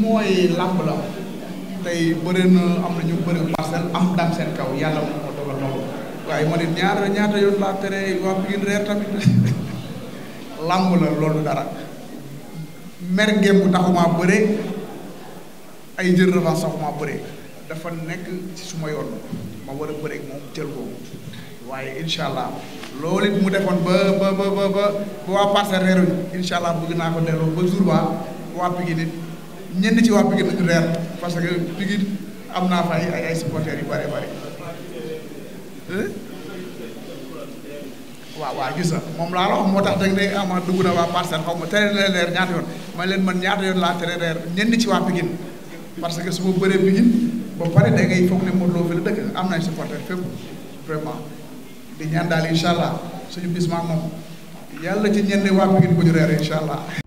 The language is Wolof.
mooy làmb la tey bëri na am na ñu bëri parcelle am dam seen kaw yàlla moom moo dogal loolu waaye ma ne ñaar ñaata yoon laa tere waa Pikine reer tamit làmb la loolu dara mer ngémb taxumaa bëre ay jël revanche taxumaa bëre dafa nekk ci suma yoon ma war a bëre moom jël ko waaye incha allah loolu it mu defoon ba ba ba ba ba waa parcelle reeruñ incha allah bëgg naa ko delloo ba jour ba waa Pikine it ñenn ci waa Pikine nañu reer parce que Pikine am naa fa ay ay supporters yu bare bare waaw waaw gis na moom laa la wax moo tax da ne ama dugg na waa parcelle xaw ma tere leen reer ñaata yoon ma leen man ñaata yoon laa tere ñenn ci waa Pikine parce su ma bëree Pikine ba pare da ngay foog ne am nañ supporter fépp vraiment di ñaan daal incha allah suñu bis maa moom yàlla ci ñenn waa Pikine bu ñu reer incha allah